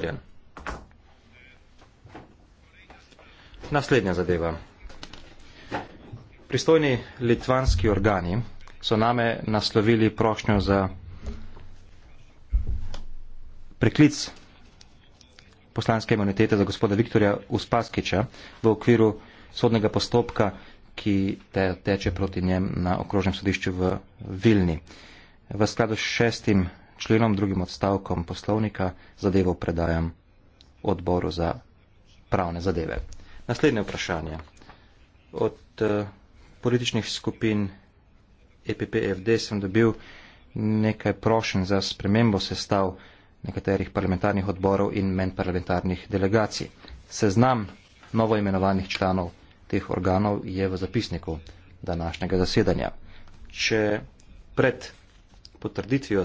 Ja. Naslednja zadeva. Pristojni litvanski organi so name naslovili prošnjo za preklic poslanske imunitete za gospoda Viktorja Uspaskiča v okviru sodnega postopka, ki te, teče proti njem na okrožnem sodišču v Vilni. V skladu s šestim členom, drugim odstavkom poslovnika zadevo predajam odboru za pravne zadeve. Naslednje vprašanje. Od eh, političnih skupin EPPFD sem dobil nekaj prošen za spremembo sestav nekaterih parlamentarnih odborov in menj parlamentarnih delegacij. Seznam novo imenovanih članov teh organov je v zapisniku današnjega zasedanja. Če pred potrditvijo